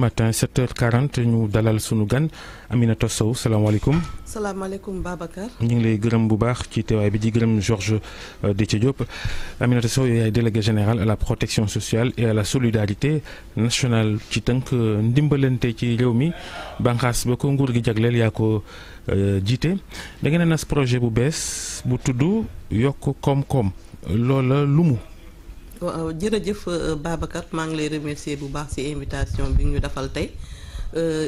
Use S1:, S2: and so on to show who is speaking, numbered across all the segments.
S1: matin 7h40 ñu dalal sunu gan Aminata Sow salaamaaleykum.
S2: salaamaaleykum baabaka
S1: ñu ngi lay gërëm bu baax ci teewaay bi di gërëm Georges euh, Déthié ci Aminata Sow yow yaay délégué général à la protection sociale et à la solidarité nationale ci tënk euh, ndimbalante ci réew mi bànqaas ba ko nguur gi jagleel yaa ko euh, jiite da ngeen nas projet bu bees bu tudd yokk koom-koom loola lumu.
S2: waaw euh, euh, jërëjëf euh, Babacar maa ngi lay remercier bu baax ci invitation bi ñu defal tey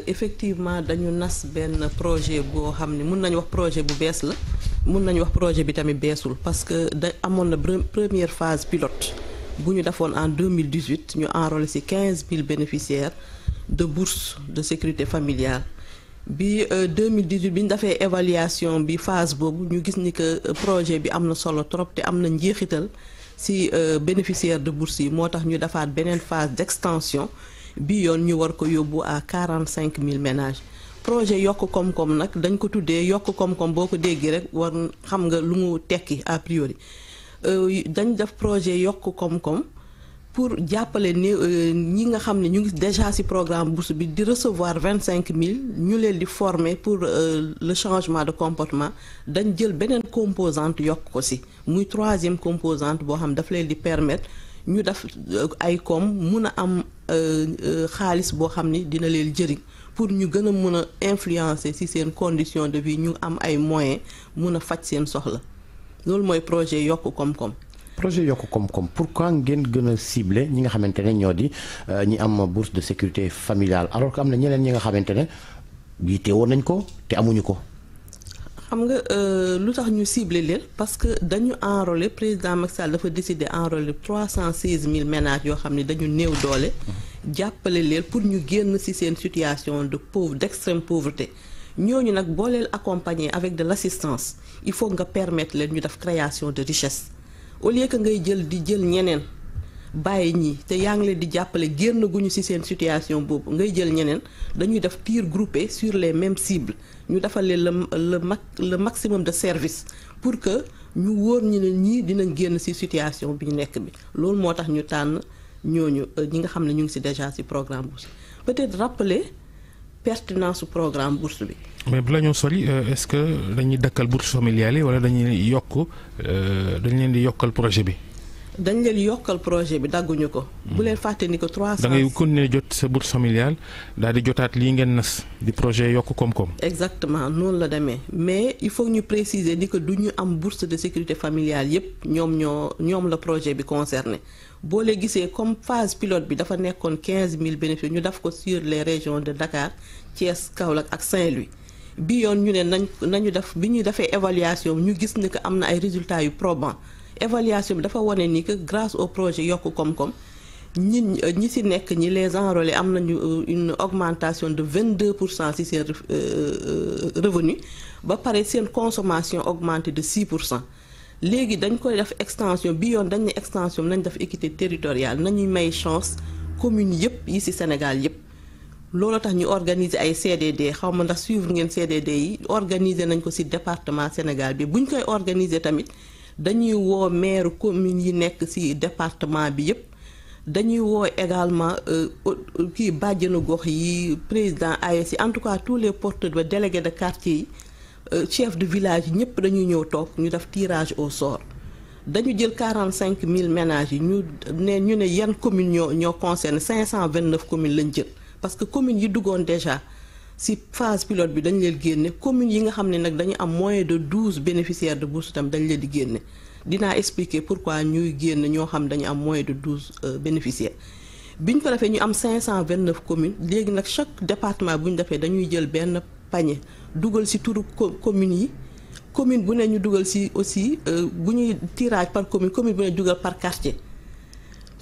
S2: effectivement dañu nas benn projet boo xam ne mun nañu wax projet bu bees la mun nañu wax projet bi tamit beesul parce que da amoon na première phase pilote bu ñu defoon en 2018 ñu enrôlé ci quinze 000 bénéficiaires de bourse de sécurité familiale bi 2018 bi ñu defee évaluation bi phase boobu ñu gis ni que projet bi am na solo trop te am na njeexital. si euh, bénéficiaire de bourse yi moo tax ñu defaat beneen phase d'extension bi yoon ñu war ko yóbbu à quarante cinq mille ménages projet yokk koom-koom nag dañ ko tuddee yokk koom-koom boo ko déggee rek war xam nga lu mu tekki a priori euh, dañ def projet yokk koom-koom pour jàppale ne euh, ñi nga xam ne ñu ngi déjà ci programme bourse bi di recevoir vingt cinq mille ñu leen di former pour euh, le changement de comportement dañ jël beneen composante yokk ko ci muy troisième composante boo xam dafa leen di permettre ñu def euh, ay koom mun a am xaalis boo xam ni dina leen jëriñ pour ñu gën a mun a influencer ci seen condition de vie ñu am ay moyen mun a faj seen soxla loolu mooy projet yokk koom-koom projet yokk
S3: koom pour pourquoi ngeen gën a ciblé ñi nga xamante ne ñoo di euh, ñi am bourse de sécurité familiale alors que am na ñeneen ñi nga xamante ne yitte woon nañ ko te amuñu ko.
S2: xam nga euh, lu tax ñu ciblé leen parce que dañu enrôler président Macky dafa décider enrôler trois cent seize mille ménages yoo xam ni dañu néew doole. jàppale leen pour ñu génn ci seen situation de pauvre d'extrême pauvreté ñooñu nag boo leen accompagner avec de l'assistance il faut nga permettre leen ñu def création de richesse. au lieu que ngay jël di jël ñeneen bàyyi ñii te yaa ngi leen di jàppale génn guñu ci seen situation boobu ngay jël ñeneen dañuy def piir groupé sur les mêmes cibles ñu defal la le le ma le maximum de service pour que ñu wóor ñu ne ñii dinañ génn ci situation bi ñu nekk bi loolu moo tax ñu tànn ñooñu euh, ñi nga xam ne ñu ngi ci déjà ci programme bourse peut-être rappeler pertinence su programme bourse bi.
S1: mais bu la ñoo sori euh, est-ce que dañuy dëkkal bourses familiales yi wala dañuy yokk euh, dañ leen di yokkal projet bi.
S2: dañ leen yokkal projet bi dagguñu ko. bu hmm. leen fàtte ni ko 300. da ngay
S1: continuer jot sa bourse familiale daal di jotaat lii ngeen nas di projet yokk koom-koom.
S2: exactement noonu la demee mais il faut ñu préciser ni ko du ñu am bourse de sécurité familiale yépp ñoom ñoo ñoom la projet bi concerné boo lee gisee comme phase pilote bi dafa nekkoon 15000 bénéficiaires ñu def ko sur les régions de Dakar Thiès Kaolack ak Saint-Louis. bii yoon ñu ne nañ nañu def bi ñuy defee évaluation ñu gis ni que am na ay résultats yu probants évaluation bi dafa wane ni que grâce au projet yokk koom-koom ñi ñi ci nekk ñi les enrôlés am nañu euh, une augmentation de deux pour cent ci seen euh, euh, revenu ba pare seen consommation augmentée de 6 pour cent léegi dañ koy def extension bii yoon dañ ne extension nañ def équité territorial nañuy may chance communes yëpp yi ci Sénégal yëpp. loolu tax ñu organiser ay CDD xaw ma ndax suivre ngeen CDD yi organiser nañ ko ci département Sénégal bi bu ñu koy organiser tamit dañuy woo maire commune yi nekk ci département bi yépp dañuy woo également euh, euh, kii bàjjenu gox yi président AES yi en tout cas tous les porteurs de délégués de quartier yi euh, chef de village yi ñëpp dañuy ñëw toog ñu def tirage au sort dañu jël quarante cinq mille ménages yi ñu ne ñu ne yan communes ñoo ñoo concerne cinq cent vingt neuf communes lañ jël. parce que commune yi duggoon déjà si phase pilote bi dañ leen génne commune yi nga xam ne nag dañu am moyen de douze bénéficiaires de bourse itam dañ leen di génne dinaa expliquer pourquoi ñuy génn ñoo xam dañu am moyen de douze euh, bénéficiaires biñ ko defee ñu am cinq cent vingt neuf communes léegi nag chaque département bu ñu defee dañuy jël benn panier dugal si turu commune yi commune bu ne ñu dugal si aussi euh, bu ñuy tirage par commune commune bu ne dugal par quartier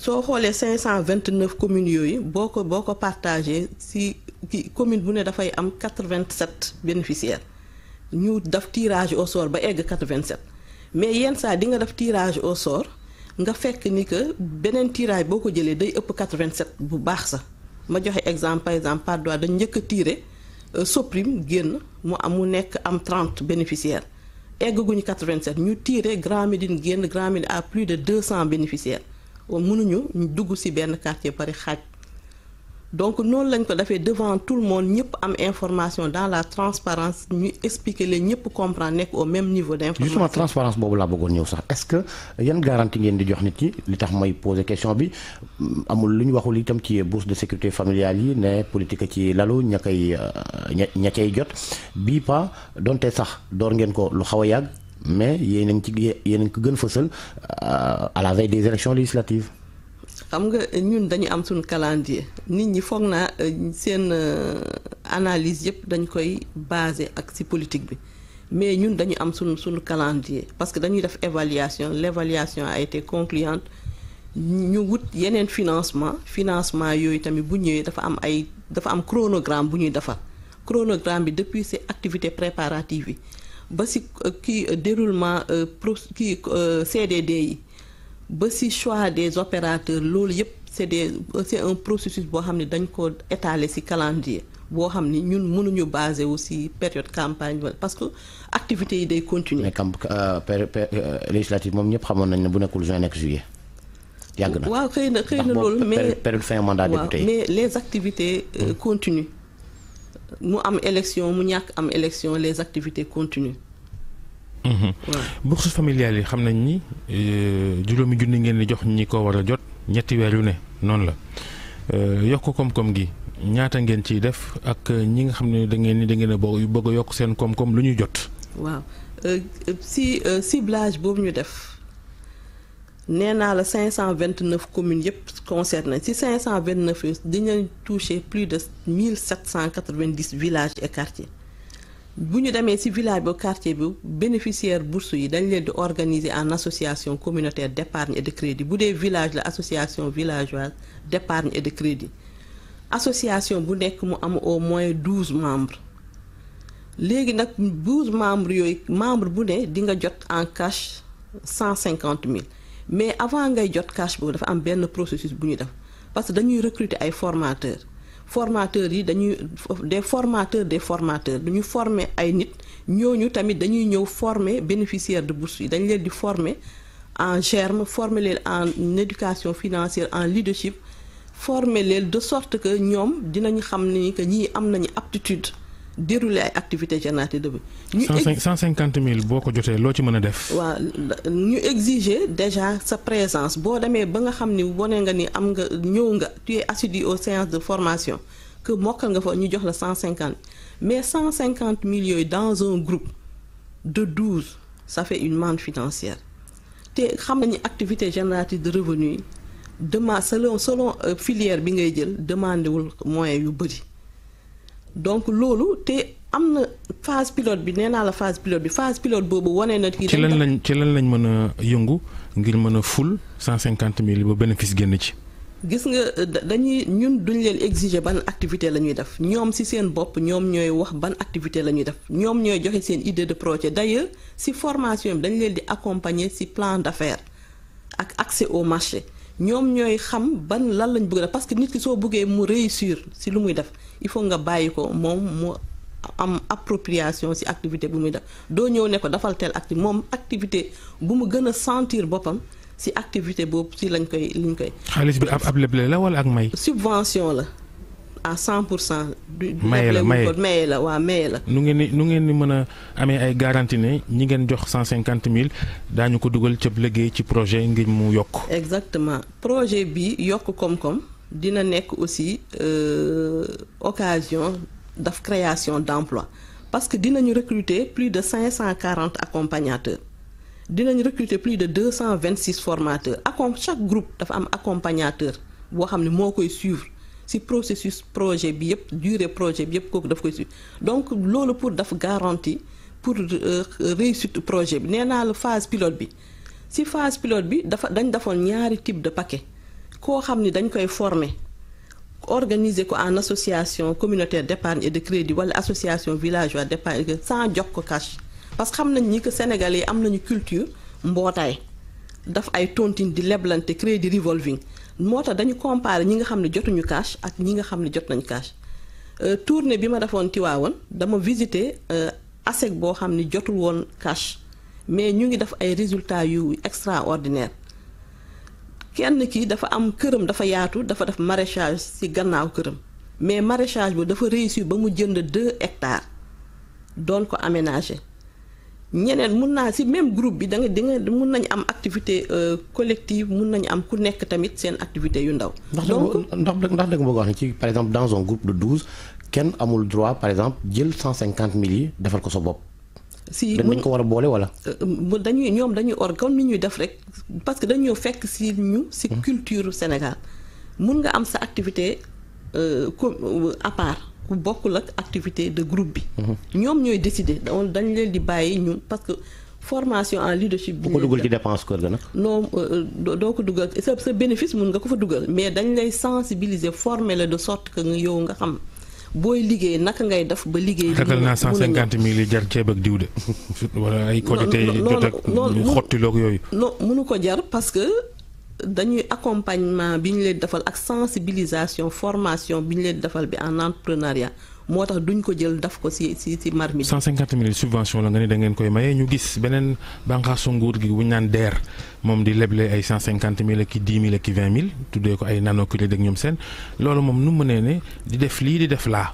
S2: soo xoolee 529 communes yooyu boo ko boo ko partagé si commune bu ne dafay am 87 bénéficiaires ñu def tirage au sort ba egg 87 mais yenn saa di nga def tirage au sor nga fekk ni que beneen tirage boo ko jëlee day ëpp 87 bu baax sax ma joxe exemple par exemple Patte d'Oie dañ njëkk a tiré euh, Soprim génn mu am mu nekk am 30 bénéficiaires egg guñu 87 ñu tiré Grand Médine génn Grand Médine à plus de 200 bénéficiaires. mënuñu dugg ci benn quartier bari xaaj donc noonu lañ ko defee devant tout le monde ñëpp am information dans la transparence ñu expliquer leen ñëpp comprendre nekk au même niveau d' information. justement
S3: transparence boobu laa bëggoon ñëw sax est ce que yan garantie ngeen di jox nit ñi li tax may poser question bi amul lu ñu waxul itam ci bourse de sécurité familiale yi ne politique ci lalu ña koy euh, ña ña cay jot bi pas donte sax door ngeen ko lu xaw a yàgg. mais yéen a ngi ci yéen a ko gën fësal euh, à la veille des élections législatives.
S2: xam nga ñun dañu am suñu calendrier nit ñi foog naa euh, seen euh, analyse yëpp dañ koy basé ak ci politique bi mais ñun dañu am sunu suñu calendrier parce que dañuy def évaluation l'évaluation a été concluante ñu wut yeneen financement financement yooyu tamit bu ñëwee dafa am ay dafa am chronogramme bu ñuy defar chronogramme bi depuis ces activités préparatives yi ba si euh, kii euh, déroulement euh, pro kii CDD yi ba si choix des opérateurs loolu yëpp c'est des c'est un processus boo xam ne dañ ko étaler si calendrier boo xam ni ñun mënuñu basé wu si période campagne parce que activités yi day continuer mais
S3: camp législative moom ñëpp xamoon nañ ne bu nekkul juin nekk juillet. yàgg na waaw
S2: xëy na xëy na loolu. mais période
S3: fin mandat député mais
S2: les activités hmm. continuent. mu am élection mu ñàkk am élection les activités continuent.
S1: Mhm. bourses familiales yi xam nañ ni euh, juróomi junni ngeen di jox ñi ko war a jot ñetti weer yu ne noonu la euh, yokk koom-koom gi ñaata ngeen ciy def ak ñi nga xam ne da ngeen ne da ngeen a bëgg a yokk seen koom-koom lu ñuy jot.
S2: waaw euh, si ciblage boobu ñu def. nee naa la 529 communes yëpp concernées ci 529 yi dinañ toucher plus de 1790 villages et quartiers bu ñu demee ci village ba quartier bi bénéficiaire bourse yi dañ leen di organiser en association communautaire d'épargne et de crédit bu dee village la association villageoise d'épargne et de crédit association bu nekk mu am au moins 12 membres léegi nag 12 membres yooyu membre bu ne dinga jot en cash 150 000 mais avant ngay jot cash boobu dafa am benn processus bu ñu def parce que dañuy recruter ay formateurs formateur yi dañuy des formateurs des formateurs du former ay nit ñooñu tamit dañuy ñëw former bénéficiaires de bourse yi dañu leen di former en germe former leen en éducation financière en leadership former leen de sorte que ñoom dinañ xam ni que ñii am nañu aptitude. dérouler ay activité ci de bi. ñu cent
S1: cinquante mil boo ko jotee loo ci mën a def.
S2: waaw ñu exiger déjà sa présence boo demee ba nga xam ni wane nga ni am nga ñëw nga tu es assidu aux séances de formation que mokkal nga fa ñu jox la cent cinquante mais cent cinquante mille yooyu dans un groupe de douze ça fait une manne financière te xam nañu activité génératrice de revenu yi demande selon selon euh, filière bi ngay jël demandewul moyen yu bëri. donc loolu te am na phase pilote bi nee naa la phase pilote bi phase pilote boobu wane na. ci lan
S1: lañ ci lan lañ mën a yëngu ngir mën a ful cent cinquante mille ba bénéfice génn ci.
S2: gis nga euh, dañuy ñun duñ leen exiger ban activité la ñuy def ñoom si seen bopp ñoom ñooy wax ban activité la ñuy def ñoom ñooy joxe seen idée de projet d'ailleurs si formation bi dañ leen di accompagner si plan d'affaires ak accès au marché. ñoom ñooy xam ban lan lañ bëgg def parce que nit ki soo bëggee mu réussir si lu muy def il faut nga bàyyi ko moom mu am appropriation si activité bu muy def doo ñëw ne ko dafal teel activité moom activité bu mu gën a sentir boppam si activité boobu si lañ koy liñ koy.
S1: xaalis bi ab ab leble la wala ak may.
S2: subvention la. à cent pour cent. maye la maye la waaw maye
S1: la. nu ngeen ni nu ngeen ni mën a amee ay garantie ne ñi ngeen jox cent cinquante mille daañu ko dugal cëb liggéey ci projet ngir mu yokk.
S2: exactement projet bi yokk koom-koom dina nekk aussi euh, occasion daf création d'emploi parce que dinañu recruter plus de cinq cent quarante accompagnateurs. dinañ recruter plus de deux cent vingt six formateurs acom chaque groupe dafa am accompagnateur boo xam ne moo koy suivre si processus projet bi yëpp durée projet bi yëpp kooku daf koy suivre donc loolu pour daf garantie pour euh, réussite projet bi nee naa la phase pilote bi si phase pilote bi dafa dañ defoon ñaari type de paquet koo xam ni dañ koy former organiser ko en association communautaire d'épargne et de crédit wala association villageoise d'épargne sans jox ko cash parce que xam nañ ni que Sénégalais am nañu culture mbootaay daf ay tontine di leblante crédit revolving moo tax dañu comparé ñi nga xam ne jotuñu cash ak ñi nga xam ne jot nañu cash euh, tournée bi ma defoon Tiwaawoon dama visité euh, ASEC boo xam ne jotul woon cash mais ñu ngi def ay résultats yu extraordinaire kenn ki dafa am këram dafa yaatu dafa def maraîchage ci gannaaw këram mais maraîchage bi dafa réussir ba mu jënd deux hectares doon ko aménager ñeneen mun naa si même groupe bi da nga di nga mun nañ am activité euh, collective mun nañ am ku nekk tamit seen activité yu ndaw.
S3: donc ndax ndax da nga bëgg wax ne ci par exemple dans un groupe de douze kenn amul droit par exemple jël cent cinquante mille yi defal ko sa bopp.
S2: si dañ ko war a boole wala. Euh, euh, dañuy ñoom dañuy or comme ni ñuy def rek parce que dañoo fekk si ñu. si hmm. culture Sénégal mun nga am sa activité à part. bu bokkul ak activité de groupe bi. Mhm. ñoom ñooy décider dañ leen di bàyyi ñu parce que formation en leadership. bu ko dugal ci
S3: dépense kër ga nag.
S2: non euh, doo ko dugal sa sa bénéfice mun nga ko fa dugal mais dañ lay sensibiliser former la de sorte que nga yow nga xam. booy liggéey naka ngay def ba liggéey. liggéey mun naa cent cinquante
S1: mille jar ceeb ak diw de. wala ay quantité jot ak yooyu.
S2: non mënu ko jar parce dañuy accompagnement bi ñu leen defal ak sensibilisation formation bi ñu leen defal bi en entrepreneuriat moo tax duñ ko jël daf ko ci ci ci marmite.
S1: 150 000 subvention la nga ne da ngeen koy maye ñu gis beneen bànqaasu nguur gi bu ñu naan DER moom di leble ay 150 000 ak i 10 000 ak i 20 000 tuddee ko ay nano crédit ak ñoom seen loolu moom nu mu mënee ne di def lii di def laa.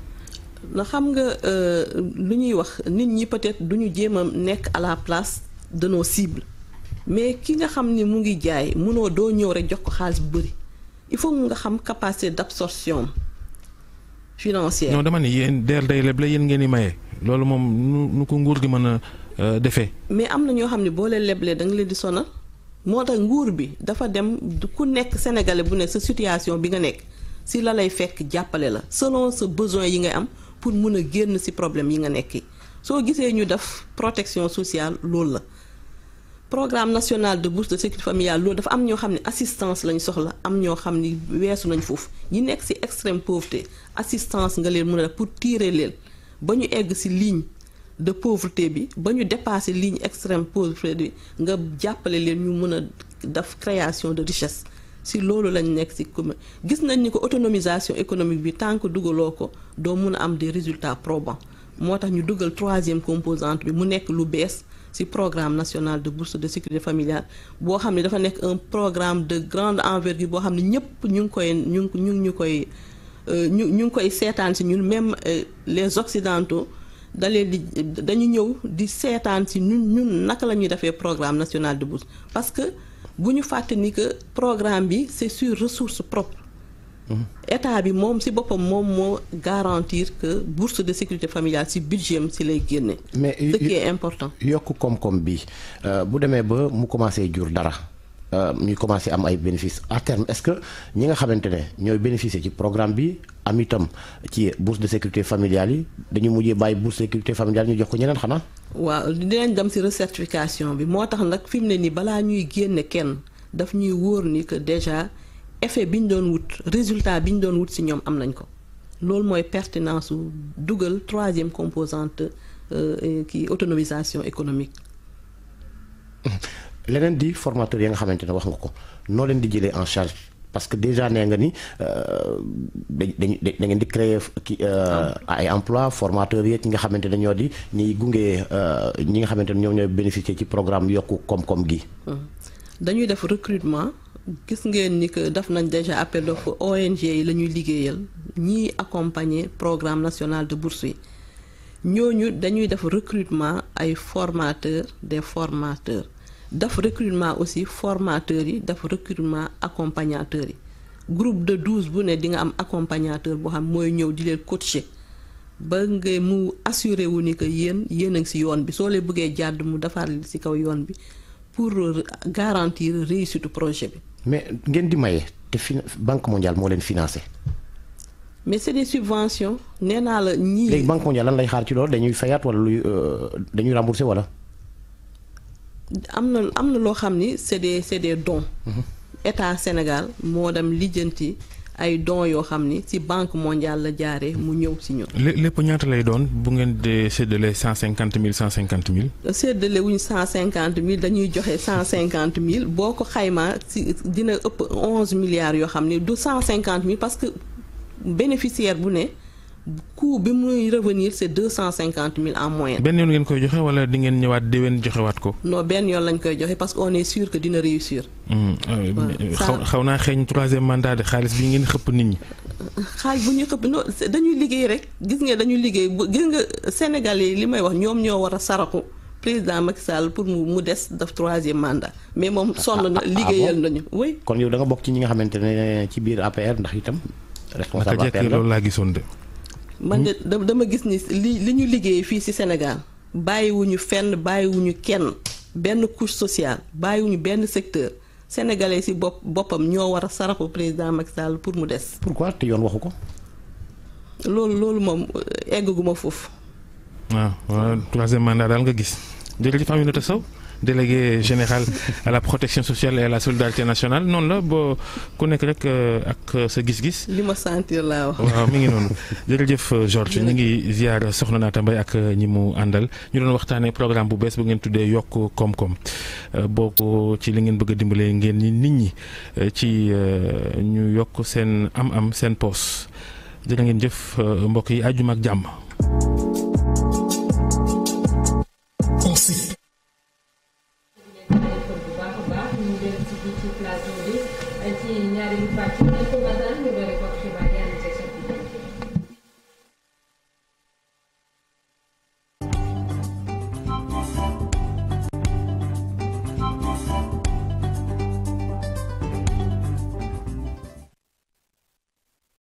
S2: na xam nga euh, lu ñuy wax nit ñi peut-être duñu jéem a nekk à la place de nos cibles. mais ki nga xam ni mu ngi jaay mënoo doo ñëw rek jox ko xaalis bu bëri il faut nga xam capacité d'absorption financière. non
S1: dama ni yéen DER day leble yéen ngeen di maye loolu moom nu nu ko nguur gi mën a euh, defee.
S2: mais am na ñoo xam ne boo leen leblee da nga leen di sonal moo tax nguur bi dafa dem ku nekk sénégalais bu ne sa situation bi nga nekk si la lay fekk jàppale la selon sa besoin yi ngay am pour mun a génn si problème yi nga nekki soo gisee ñu def protection sociale loolu la. programme national de bourse de sécurité familiale loolu dafa am ñoo xam ne assistance lañ soxla am ñoo xam ni weesu nañ foofu ñi nekk ci extrême pauvreté assistance nga leen mën a def pour tirer leen ba ñu egg ci ligne de pauvreté bi ba ñu dépasser ligne extrême pauvreté bi nga jàppale leen ñu mën a def création de richesse si loolu lañ nekk ci commune gis nañ ni ko autonomisation économique bi tant que dugaloo ko doo mën a am des résultat probants moo tax ñu dugal troisième composante bi mu nekk lu bees ci programme national de bourse de sécurité familiale boo xam ne dafa nekk un programme de grande envergure boo xam ne ñëpp ñu ngi koy ñun ngi ñu ñu koy euh, ñu ñu ngi koy seetaan si ñun même euh, les occidentaux dalee di dañu ñëw di seetaan si ñun ñun naka la ñuy defee programme national de bourse parce que bu ñu fàtte ni que programme bi c'est sur ressources propres état bi moom si boppam moom moo garantir que bourse de sécurité familiale si budget am si lay génne. mais ce important. yokk
S3: koom-koom bi euh, bu demee ba mu commencé jur dara. Euh, ñuy commencé am ay bénéfices à est-ce que ñi nga xamante ne ñooy bénéficier ci programme bi am itam ci bourse de sécurité familiale yi dañu mujjee bàyyi bourse de sécurité familiale ñu jox ko ñeneen xanaa.
S2: waaw dinañ dem ci recertification bi moo tax nag fi mu ne nii balaa ñuy génne kenn daf ñuy wóor ni que déjà. effet bi ñu doon wut résultat bi ñu doon wut si ñoom am nañ ko loolu mooy pertinence su dugal troisième composante euh, kii autonomisation économique.
S3: Mmh. leneen di formateur yi nga xamante ne wax nga ko noo leen di jëlee en charge parce que déjà nee nga ni euh, dañuy da ngeen di créer ki euh, ay emploi formateur yeeg ñi nga xamante ne ñoo di ñiy gunge ñi nga xamante ne ñoom ñooy bénéficier ci programme yokku koom-koom gi.
S2: Mmh. dañuy def recrutement. gis ngeen ni que def nañ déjà appel fu ONG yi la ñuy liggéeyal ñiy accompagner programme national de bourse ñooñu dañuy def recrutement ay formateurs des formateurs def recrutement aussi formateurs yi def recrutement accompagnateurs yi groupe de douze bu ne di nga am accompagnateur boo xam mooy ñëw di leen coacher ba nga mu assuré wu ni que yéen yéen a ngi ci yoon bi soo leen bëggee jàdd mu defar ci kaw yoon bi pour garantir réussite projet bi
S3: mais ngeen di maye te fin banque mondiale moo leen financé.
S2: mais c'est des subventions nee naa la ñii. léegi banque
S3: mondiale lan lay xaar ci loolu dañuy fayaat wala luy euh, dañuy remboursé wala.
S2: am na am na loo xam ni c'est des c'est des dons. Mhm. état Sénégal moo dem lijjanti. ay dons yoo xam ni ci banque mondiale la jaaree mu ñëw ci ñun.
S1: lépp ñaata lay doon bu ngeen de séddale cent cinquante mille cent cinquante mille.
S2: séddale wuñ cent cinquante mille dañuy joxe cent cinquante mille boo ko xaymaa ci dina ëpp onze milliards yoo xam ni du cent cinquante mille parce que bénéficiaire bu ne. coût bi muy revenir c' deux cent cinquante mille en moyenne.
S1: benn yoon ngeen koy joxe wala di ngeen ñëwaat déwén joxewaat ko.
S2: non benn yoon lañ koy joxe parce que on est sûr que dina réussir.
S1: Hmm, xaw xaw naa xeeñ troisième mandat de xaalis bi ngeen xëpp nit ñi.
S2: xaalis bu ñuy xëpp non dañuy liggéey rek gis nga dañuy liggéey gis nga Sénégal yi li may wax ñoom ñoo war a saraxu président Macky Sall pour mu mu des def troisième mandat mais moom ah, sonn na ah, ah, liggéeyal nañu oui.
S3: kon yow da nga bokk ci ñi nga xamante ne ci biir APR ndax itam. responsable APR loolu laa gisoon de.
S2: man de dama gis ni li li ñu liggéey fii ci Sénégal bàyyiwuñu fenn bàyyiwuñu kenn benn couche sociale bàyyiwuñu benn secteur sénégalais ci bopp boppam ñoo war a saraxu président Macky Sall pour mu des.
S3: pourquoi te yoon waxu ko.
S2: loolu loolu moom egg gu ma foofu.
S1: waaw ah, waaw troisième mandat daal nga gis jërëjëf Aminata Sow. délégué général à la protection sociale et la solidarité nationale noon la boo ku nekk rek euh, ak euh, sa gis-gis. li ma waaw mi ngi noonu jërëjëf euh, Georges ñu ngi ziar Soxna Naata mbay ak ñi mu àndal ñu doon waxtaanee programme bu bees bu ngeen tuddee yokk koom-koom boo ko ci li ngeen bëgg a dimbalee ngeen ni nit ñi ci ñu yokk seen am-am seen poos jërë ngeen jëf mbokk yi àjjuma ak jàmm.